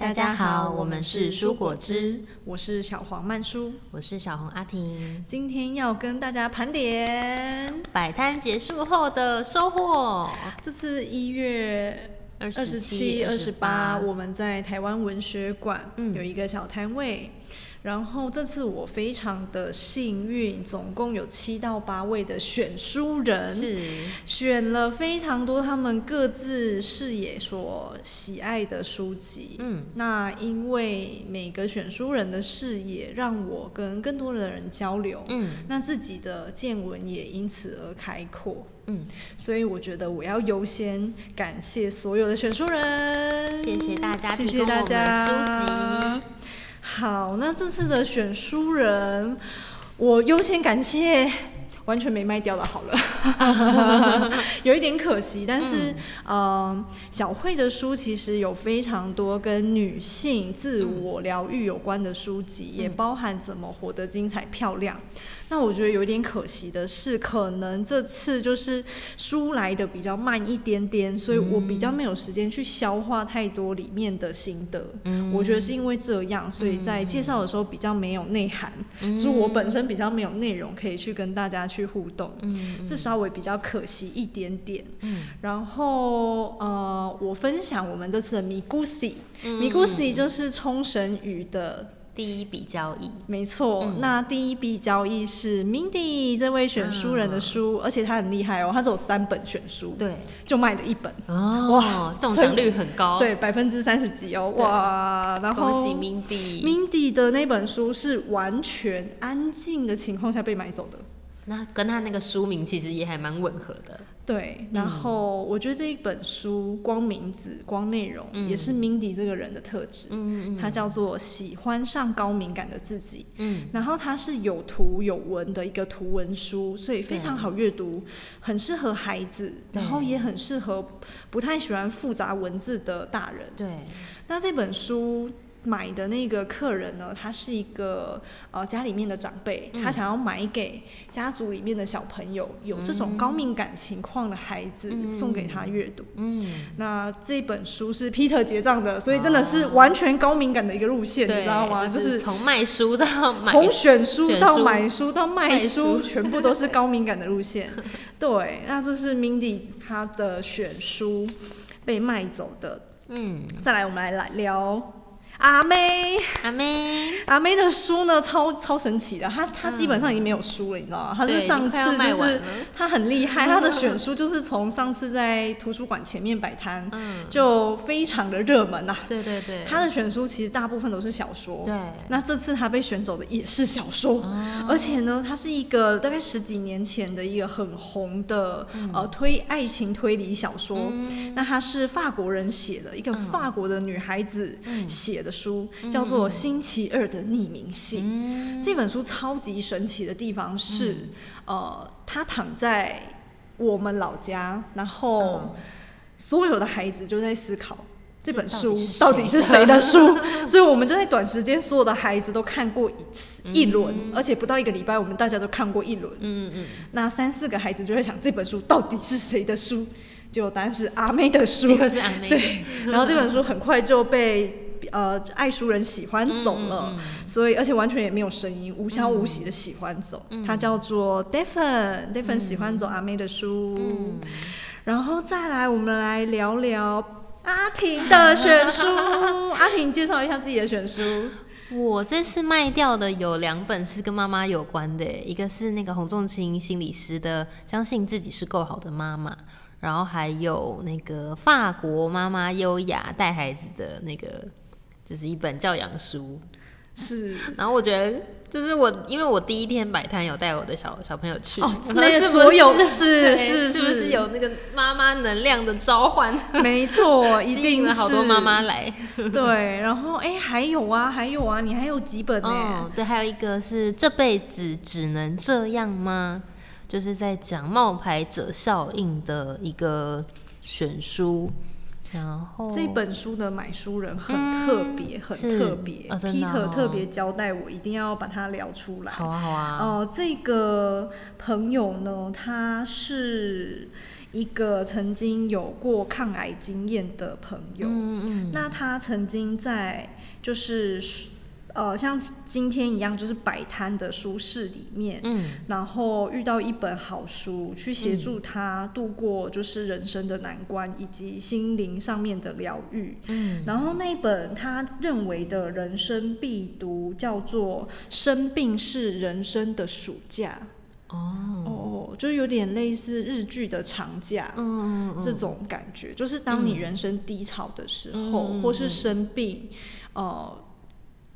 大家好，我們是書果汁，我是小黃曼舒，我是小紅阿婷，今天要跟大家盤點擺攤結束後的收穫。這次一月二十七、二十八，我們在台灣文學館有一個小攤位。嗯然後這次我非常的幸運，總共有七到八位的選書人，是選了非常多他們各自視野所喜愛的書籍，嗯，那因為每個選書人的視野，讓我跟更多的人交流，嗯，那自己的見聞也因此而開闊，嗯，所以我覺得我要優先感謝所有的選書人，謝謝大家，謝謝我們的書籍。謝謝好，那這次的選書人，我優先感謝完全沒賣掉的，好了， 有一點可惜，但是，嗯、呃，小慧的書其實有非常多跟女性自我療癒有關的書籍，嗯、也包含怎麼活得精彩漂亮。那我覺得有點可惜的是，可能這次就是書來的比較慢一點點，所以我比較沒有時間去消化太多裡面的心得。嗯，我覺得是因為這樣，所以在介紹的時候比較沒有內涵，是、嗯、我本身比較沒有內容可以去跟大家去互動。嗯，這、嗯、稍微比較可惜一點點。嗯，嗯，然後呃，我分享我們這次的、嗯、米古西，米古西就是沖繩語的。第一筆交易，沒錯。嗯、那第一筆交易是 Mindy 這位選書人的書，啊、而且他很厲害哦，他只有三本選書，對，就賣了一本。哦，哇，中獎率很高，對，百分之三十幾哦，對哇。然後恭喜 Mindy。Mindy 的那本書是完全安靜的情況下被買走的。那跟他那個書名其實也還蠻吻合的。對，然後我覺得這一本書，光名字、光內容，也是 Mindy 這個人的特質。嗯。嗯嗯嗯。嗯，它叫做《喜歡上高敏感的自己》。嗯。然後它是有圖有文的一個圖文書，所以非常好閱讀，啊，很適合孩子，對然後也很適合不太喜歡複雜文字的大人。對。那這本書。買的那個客人呢，他是一個呃家裡面的長輩，嗯、他想要買給家族裡面的小朋友，有這種高敏感情況的孩子送給他閱讀嗯。嗯，嗯，那這本書是 Peter 結賬的，所以真的是完全高敏感的一個路線，哦、你知道嗎？就是從賣書到買，從選書到買書到賣書，賣書全部都是高敏感的路線。嗯、對，那這是 Mindy 她的選書被賣走的。嗯，再來我們來來聊。阿妹，阿妹，阿妹的書呢，超超神奇的，她她基本上已經沒有書了，你知道嗎？她是上次快要賣完了。她很厲害，她的選書就是從上次在圖書館前面擺攤，就非常的熱門吶。對對對。她的選書其實大部分都是小說。對。那這次她被選走的也是小說，而且呢，她是一個大概十幾年前的一個很紅的呃推愛情推理小說，那她是法國人寫的，一個法國的女孩子寫的。的書叫做《星期二的匿名信》嗯。這本書超級神奇的地方是，嗯、呃，它躺在我們老家，然後所有的孩子就在思考、嗯、這本書到底是誰的書。 所以，我們就在短時間所有的孩子都看過一次一輪，嗯、而且不到一個禮拜，我們大家都看過一輪、嗯。嗯嗯。那三四個孩子就在想這本書到底是誰的書？就當然是阿妹的書。這是阿妹。對。嗯、然後這本書很快就被。呃，愛書人喜歡走了，嗯嗯嗯、所以而且完全也沒有聲音，無消無息的喜歡走。嗯、他叫做 Defen、嗯、Defen 喜歡走阿妹的書。嗯、然後再來，我們來聊聊阿平的選書。 阿平介紹一下自己的選書。 我這次賣掉的有兩本是跟媽媽有關的，一個是那個洪仲清心理師的《相信自己是夠好的媽媽》，然後還有那個法國媽媽優雅帶孩子的那個。就是一本教養書，是。然後我覺得，就是我，因為我第一天擺攤有帶我的小小朋友去，哦，那是不是有是、欸、是是，是不是有那個媽媽能量的召喚？沒錯，一定。吸引了好多媽媽來。對，然後哎、欸，還有啊，還有啊，你還有幾本呢、欸哦？對，還有一個是這輩子只能這樣嗎？就是在講冒牌者效應的一個選書。然後這本書的買書人很特別，嗯、很特別。哦、Peter、哦、特別交代我一定要把它聊出來。好啊，好啊。呃，這個朋友呢，他是一個曾經有過抗癌經驗的朋友。嗯嗯。那他曾經在就是。呃，像今天一樣，就是擺攤的書市裡面，嗯，然後遇到一本好書，去協助他度過就是人生的難關以及心靈上面的療癒，嗯，然後那本他認為的人生必讀叫做《生病是人生的暑假》，哦哦，就是有點類似日劇的長假，嗯，這種感覺，嗯、就是當你人生低潮的時候，嗯、或是生病，嗯、呃。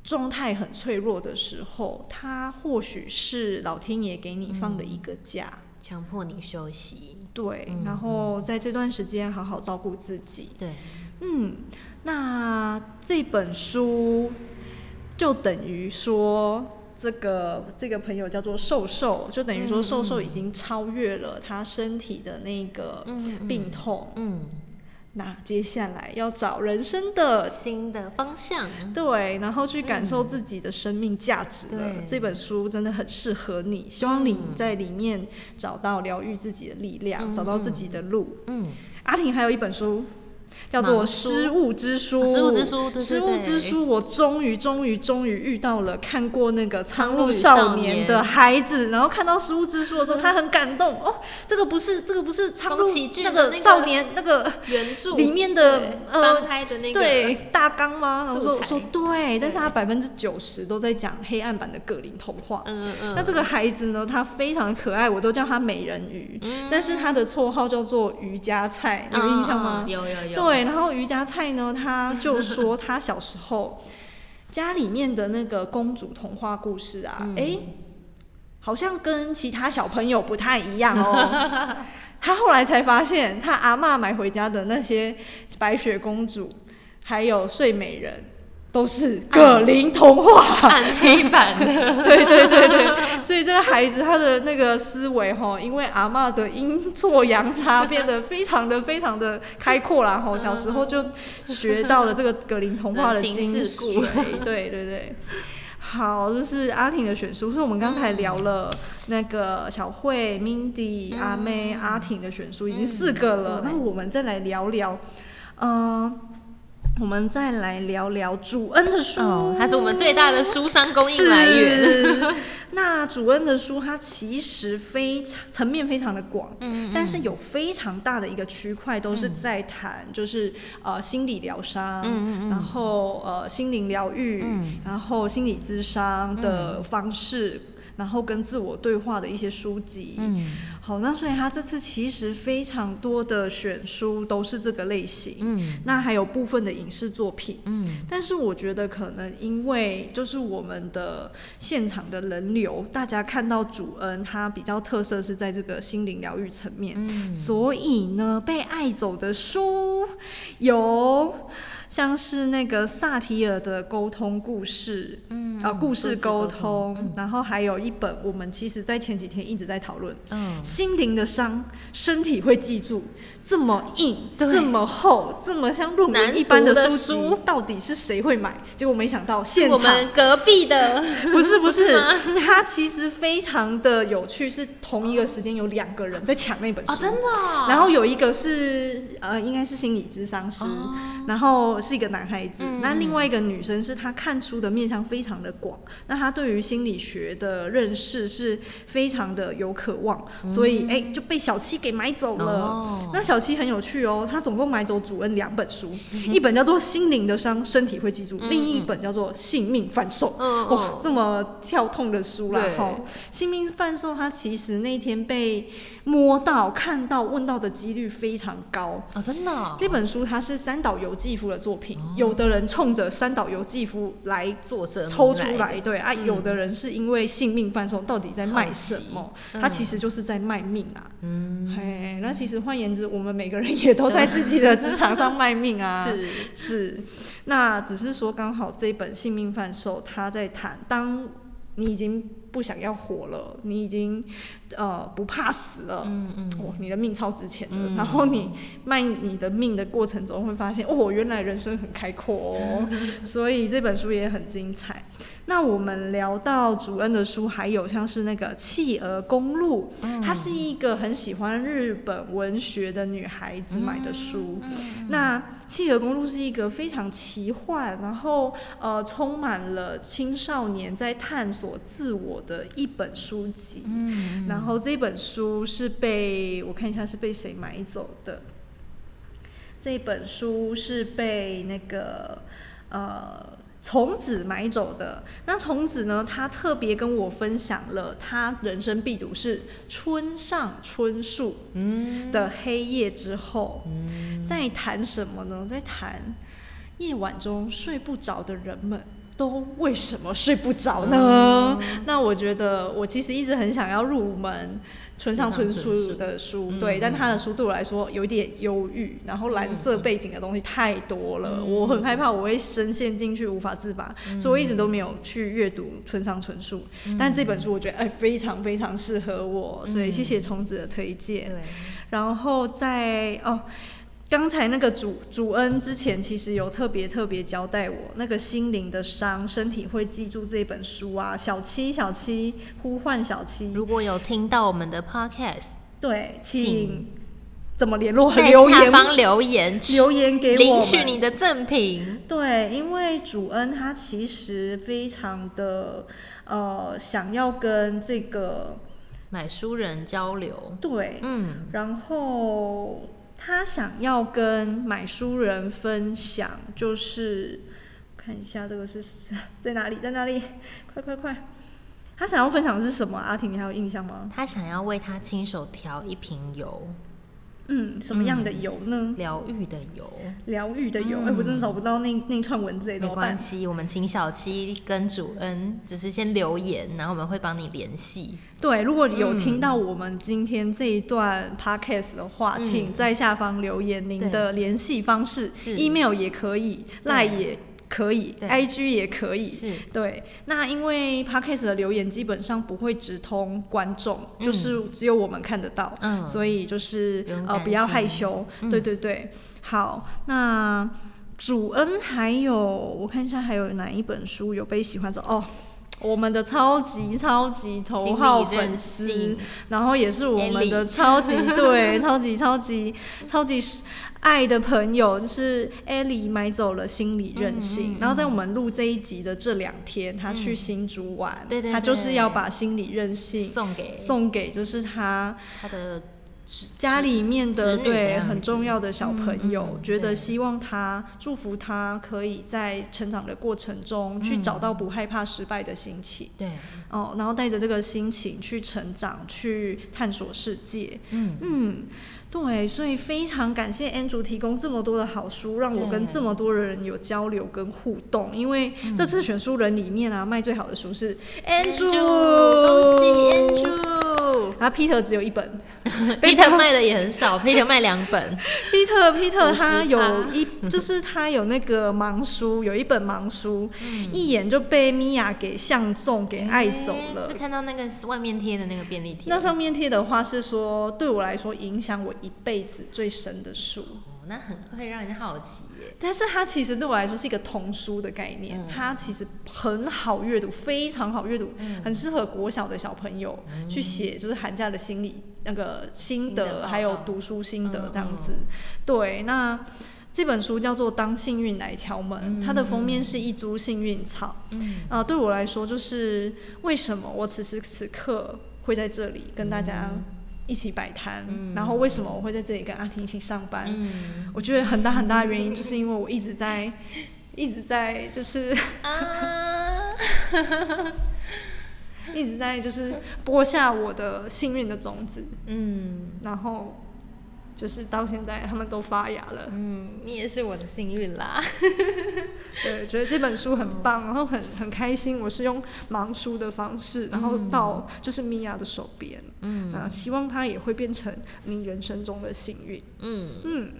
狀態很脆弱的時候，他或許是老天爺給你放了一個假，嗯、強迫你休息。對，嗯、然後在這段時間好好照顧自己。對，嗯，那這本書就等於說，這個這個朋友叫做瘦瘦，就等於說瘦瘦已經超越了他身體的那個病痛。嗯。嗯嗯那接下來要找人生的新的方向，對，然後去感受自己的生命價值了。嗯、這本書真的很適合你，希望你在裡面找到療癒自己的力量，嗯、找到自己的路。嗯，阿婷還有一本書。叫做《失物之書》。失物之書，失物之書。我終於、終於、終於遇到了看過那個《蒼鷺少年》的孩子，然後看到《失物之書》的時候，他很感動。哦，這個不是這個不是蒼鷺那個少年那個原著裡面的呃對大綱嗎？然後說我說對，但是他百分之九十都在講黑暗版的格林童話。嗯嗯，那這個孩子呢，他非常可愛，我都叫他美人魚。但是他的綽號叫做瑜伽菜，有印象嗎？有有有。對，然後瑜伽菜呢，他就說他小時候家裡面的那個公主童話故事啊，哎， 好像跟其他小朋友不太一樣哦。他 後來才發現，他阿嬤買回家的那些白雪公主，還有睡美人，都是《格林童話》暗黑版， 對對對對，所以這個孩子他的那個思維哈，因為阿嬤的陰錯陽差變得非常的非常的開闊啦哈，小時候就學到了這個《格林童話》的精髓，對對對。好，這是阿婷的選書， 嗯、所以我們剛才聊了那個小慧、Mindy、阿妹、阿婷的選書已經四個了，那我們再來聊聊，嗯。我們再來聊聊主恩的書哦，它是我們最大的書商供應來源。那主恩的書，它其實非常層面非常的廣，嗯，嗯，但是有非常大的一個區塊都是在談，就是，嗯，呃心理療傷，嗯，然後呃心靈療癒，嗯，然後心理諮商的方式。然後跟自我對話的一些書籍，嗯，好，那所以他這次其實非常多的選書都是這個類型，嗯，那還有部分的影視作品，嗯，但是我覺得可能因為就是我們的現場的人流，大家看到主恩他比較特色是在這個心靈療癒層面，嗯，所以呢，被愛走的書有。像是那個薩提爾的溝通故事，嗯，啊，故事溝通，嗯，就是溝通，嗯，然後還有一本，我們其實在前幾天一直在討論，嗯，心靈的傷，身體會記住。這麼硬，對這麼厚，這麼像入門一般的書書到底是誰會買？結果沒想到現場我們隔壁的， 不是不是，不是，他其實非常的有趣，是同一個時間有兩個人在搶那本書。哦，真的，哦。然後有一個是呃應該是心理諮商師，哦，然後是一個男孩子，嗯，那另外一個女生是她看書的面向非常的廣，那她對於心理學的認識是非常的有渴望，嗯，所以哎，欸、就被小七給買走了。哦，那小七期很有趣哦，他總共買走主恩兩本書，一本叫做《心靈的傷，身體會記住》，另一本叫做《性命販售》。哇，這麼跳痛的書啦，吼，《性命販售》他其實那天被摸到、看到、問到的幾率非常高啊！真的，這本書它是三島由紀夫的作品，有的人衝着三島由紀夫來作者抽出來，對啊，有的人是因為《性命販售》，到底在賣什麼？他其實就是在賣命啊。嗯，嘿，那其實換言之，我們。每個人也都在自己的職場上賣命啊。 是是，是是，那只是說剛好這一本《性命販售》他在談，當你已經不想要活了，你已經呃不怕死了，嗯嗯、哦，你的命超值錢的，嗯、然後你賣你的命的過程中會發現，哦，原來人生很開闊哦，嗯嗯、所以這本書也很精彩。那我們聊到主恩的書，還有像是那個《企鵝公路》，嗯、它是一個很喜歡日本文學的女孩子買的書。嗯嗯、那《企鵝公路》是一個非常奇幻，然後呃充滿了青少年在探索自我的一本書籍。嗯、然後這本書是被我看一下是被誰買走的？這本書是被那個呃。從子買走的。那從子呢？他特別跟我分享了他人生必讀是村上春樹的《黑夜之後》。嗯。在談什麼呢？在談夜晚中睡不着的人們都為什麼睡不着呢？嗯、那我覺得我其實一直很想要入門。村上春樹的書，對，嗯嗯，但他的書對我來說有點憂鬱，嗯嗯，然後藍色背景的東西太多了，嗯嗯，我很害怕我會深陷進去無法自拔，嗯、所以我一直都沒有去閱讀村上春樹。嗯嗯，但這本書我覺得哎非常非常適合我，嗯嗯，所以謝謝蟲子的推薦。嗯嗯，然後在哦。剛才那個主主恩之前其實有特別特別交代我，那個心靈的傷，身體會記住這本書啊。小七小七呼喚小七，小七如果有聽到我們的 podcast，對，請怎麼聯絡？在下方留言，留言給我們領取你的贈品。對，因為主恩他其實非常的呃想要跟這個買書人交流。對，嗯，然後。他想要跟買書人分享，就是看一下這個是在哪裡，在哪裡？快快快！他想要分享的是什麼？阿婷，你還有印象嗎？他想要為他親手調一瓶油。嗯，什麼樣的油呢？療癒、嗯、的油。療癒的油，哎、嗯欸，我真的找不到那那串文字。沒關係，我們請小七跟主恩，只是先留言，然後我們會幫你聯繫。對，如果有聽到我們今天這一段 podcast 的話，嗯、請在下方留言您的聯繫方式，email 也可以。賴對也。可以對，IG 也可以，是，對。那因為 Podcast 的留言基本上不會直通觀眾，嗯、就是只有我們看得到，嗯，所以就是不呃不要害羞，嗯、對對對。好，那主恩還有，我看一下還有哪一本書有被喜歡的哦。我們的超級超級頭號粉絲，心然後也是我們的超級 對超級超級, 超級，超級愛的朋友，就是 Ellie 買走了心理韌性，嗯嗯嗯嗯，然後在我們錄這一集的這兩天，嗯、他去新竹玩，嗯、對對對，他就是要把心理韌性送給送給就是他。他的。家裡面的,的對很重要的小朋友，嗯嗯嗯、覺得希望他對祝福他，可以在成長的過程中去找到不害怕失敗的心情。對，哦，然後帶着這個心情去成長，去探索世界。嗯嗯，對，所以非常感謝 Andrew 提供這麼多的好書，讓我跟這麼多人有交流跟互動。對因為這次選書人裡面啊，嗯、賣最好的書是 Andrew，, Andrew 恭喜 Andrew。然後、啊、Peter 只有一本。皮特賣的也很少，皮特賣兩本。皮特皮特他有一，就是他有那個盲書，有一本盲書，一眼就被米婭給相中給愛走了。是看到那個外面貼的那個便利貼。那上面貼的話是說，對我來說影響我一輩子最深的書。哦，那很會讓人家好奇耶。但是它其實對我來說是一個童書的概念，它其實很好閱讀，非常好閱讀，很適合國小的小朋友去寫，就是寒假的心理，那個心得，還有讀書心得這樣子。嗯、對，那這本書叫做《當幸運來敲門》，嗯、它的封面是一株幸運草。啊、嗯呃，對我來說，就是為什麼我此時此刻會在這裡跟大家一起擺攤，嗯、然後為什麼我會在這裡跟阿婷一起上班？嗯、我覺得很大很大的原因，就是因為我一直在，嗯、一直在，就是、啊。 一直在就是播下我的幸運的種子，嗯，然後就是到現在他們都發芽了，嗯，你也是我的幸運啦，哈哈 對，覺得這本書很棒，嗯，然後很很開心，我是用盲書的方式，然後到就是米婭的手邊，嗯，希望它也會變成你人生中的幸運，嗯嗯。嗯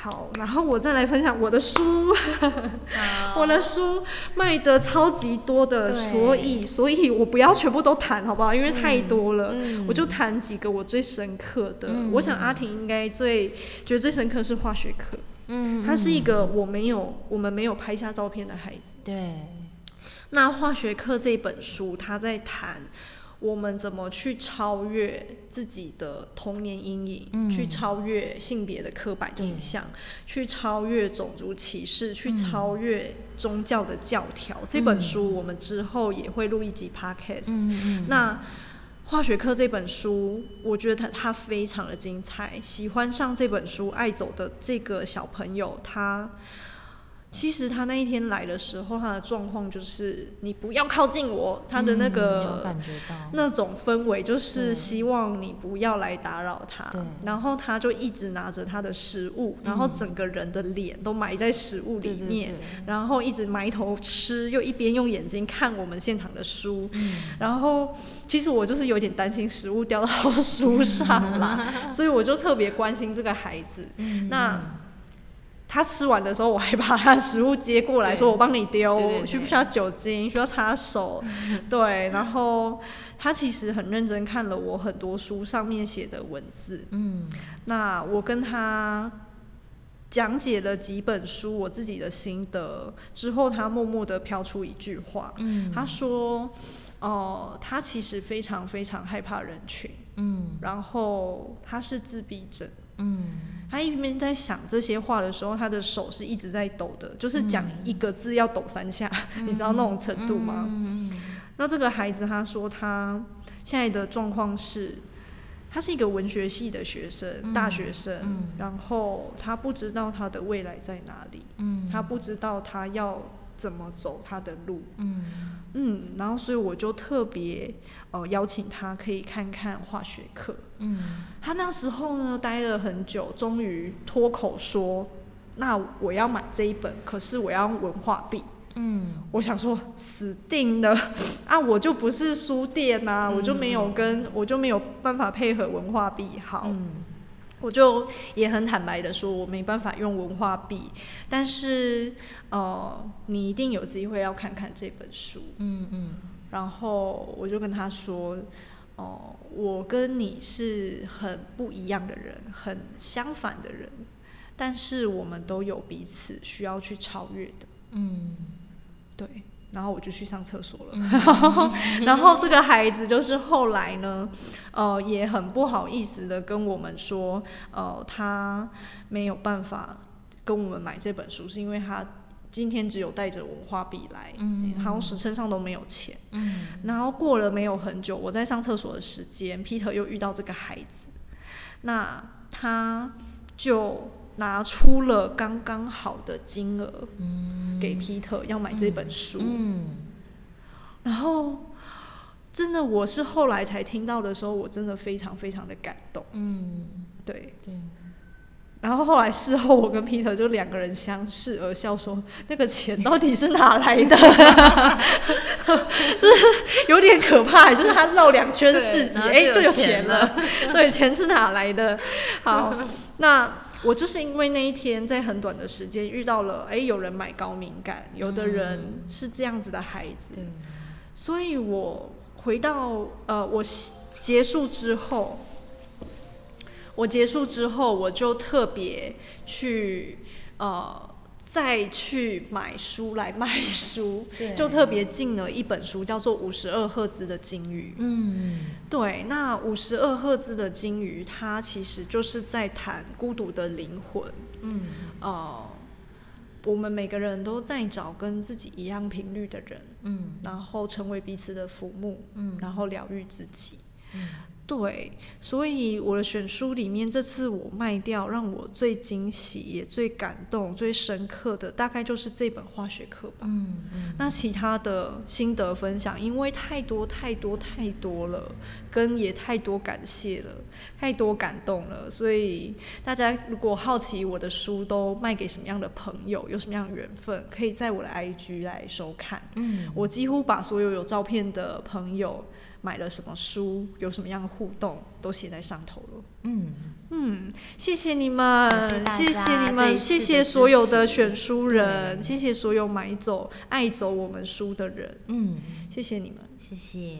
好，然後我再來分享我的書， 好我的書賣得超級多的，對所以所以我不要全部都談好不好？因為太多了，嗯嗯、我就談幾個我最深刻的。嗯、我想阿婷應該最覺得最深刻是化學課，嗯，他是一個我沒有我們沒有拍下照片的孩子，對。那化學課這本書他在談。我們怎麼去超越自己的童年陰影？嗯、去超越性別的刻板印象，嗯、去超越種族歧視，嗯、去超越宗教的教條。嗯、這本書我們之後也會錄一集 podcast、嗯、那化學課這本書，我覺得它它非常的精彩。喜歡上這本書愛走的這個小朋友，他。其實他那一天來的時候，他的狀況就是你不要靠近我，嗯、他的那個那種氛圍就是希望你不要來打擾他。對然後他就一直拿着他的食物，嗯、然後整個人的臉都埋在食物裡面，對對對，然後一直埋頭吃，又一邊用眼睛看我們現場的書。嗯、然後其實我就是有點擔心食物掉到書上啦， 所以我就特別關心這個孩子。嗯、那。他吃完的時候，我還把他食物接過來說：“我幫你丟，需不需要酒精？需要擦手？嗯、對。”然後他其實很認真看了我很多書上面寫的文字。嗯。那我跟他講解了幾本書我自己的心得之後，他默默地飄出一句話。嗯。他說：“呃，他其實非常非常害怕人群。嗯。然後他是自閉症。”嗯，他一邊在想這些話的時候，他的手是一直在抖的，就是講一個字要抖三下，嗯、 你知道那種程度嗎？嗯。嗯嗯，那這個孩子他說他現在的狀況是，他是一個文學系的學生，嗯、大學生，嗯嗯、然後他不知道他的未來在哪裡，嗯、他不知道他要，怎麼走他的路。嗯嗯，然後所以我就特別呃邀請他可以看看化學課。嗯，他那時候呢待了很久，終於脫口說：“那我要買這一本，可是我要文化幣。”嗯，我想說死定了啊！我就不是書店吶、啊，嗯、我就沒有跟，我就沒有辦法配合文化幣好。嗯我就也很坦白的說，我沒辦法用文化幣，但是，呃，你一定有機會要看看這本書。嗯嗯。嗯，然後我就跟他說，哦、呃，我跟你是很不一樣的人，很相反的人，但是我們都有彼此需要去超越的。嗯，對。然後我就去上廁所了，然後這個孩子就是後來呢，呃，也很不好意思的跟我們說，呃，他沒有辦法跟我們買這本書，是因為他今天只有帶着文化幣來，嗯、好像是身上都沒有錢。嗯，然後過了沒有很久，我在上廁所的時間，Peter、嗯、又遇到這個孩子，那他就。拿出了剛剛好的金額給皮特要買這本書，嗯然後真的我是後來才聽到的時候，我真的非常非常的感動。嗯，對對。然後後來事後我跟皮特就兩個人相視而笑，說那個錢到底是哪來的？哈哈哈哈哈，就是有點可怕，就是他繞兩圈市集，哎，對，有錢了。對，錢是哪來的？好，那。我就是因為那一天在很短的時間遇到了，哎、欸，有人買高敏感，有的人是這樣子的孩子，嗯、所以我回到呃，我結束之後，我結束之後，我就特別去呃。再去買書來賣書，對就特別進了一本書，叫做《五十二赫茲的金魚鯨魚》。嗯，對，那《五十二赫茲的鯨魚》它其實就是在談孤獨的靈魂。嗯，呃，我們每個人都在找跟自己一樣頻率的人。嗯，然後成為彼此的浮木。嗯，然後療癒自己。嗯。對，所以我的選書裡面，這次我賣掉讓我最驚喜、也最感動、最深刻的，大概就是這本化學課吧。嗯。嗯。那其他的心得分享，因為太多太多太多了，跟也太多感謝了，太多感動了，所以大家如果好奇我的書都賣給什麼樣的朋友，有什麼樣的緣分，可以在我的 IG 來收看。嗯。我幾乎把所有有照片的朋友。買了什麼書，有什麼樣的互動，都寫在上頭了。嗯嗯，謝謝你們，謝謝，謝謝你們，謝謝所有的選書人，對謝謝所有買走、愛走我們書的人。嗯，謝謝你們，謝謝。